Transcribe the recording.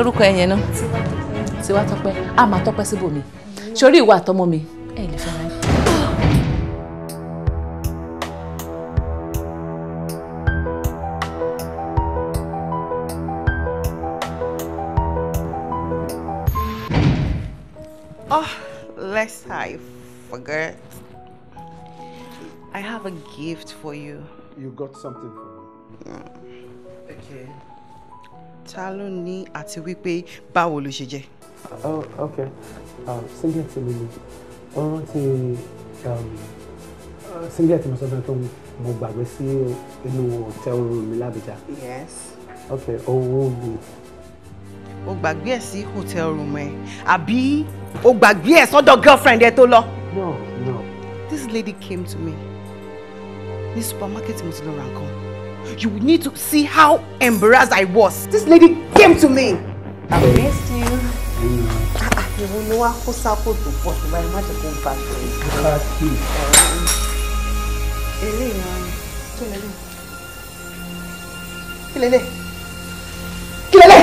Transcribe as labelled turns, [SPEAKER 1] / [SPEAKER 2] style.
[SPEAKER 1] lórúkọ ẹ̀yẹn náà tiwa tọpẹ a máa tọpẹ síbòmí sórí ìwà àtọmọ mi ẹ lè fẹ́ràn. Oh, lest I forget. I have a gift for you. You got something for me? Mm. Okay ta ló ní àti wípé báwo ló ṣe jẹ́. Oh, ok síngẹ̀ tí mo ní ọ̀rọ̀ tí síngẹ̀ tí mo sọ fún ẹ tó mo gbàgbé sí inú hotel room mi lábìjà. yes. ok owó mi. o gbàgbé ẹ sí hotel room ẹ àbí o gbàgbé ẹ sọ́dọ̀ girlfriend ẹ tó lọ. no no. this lady came to me ní supermarket mo ti lọ ra nǹkan. You need to see how embarrassed I was. This lady came to me. I missed you. Ah, ah, you will know how sápò tó pọ̀ tó báyìí má jẹ́ kó bá tó yìí. Eléyìí máa ń tó lélẹ̀. Kí lélẹ̀?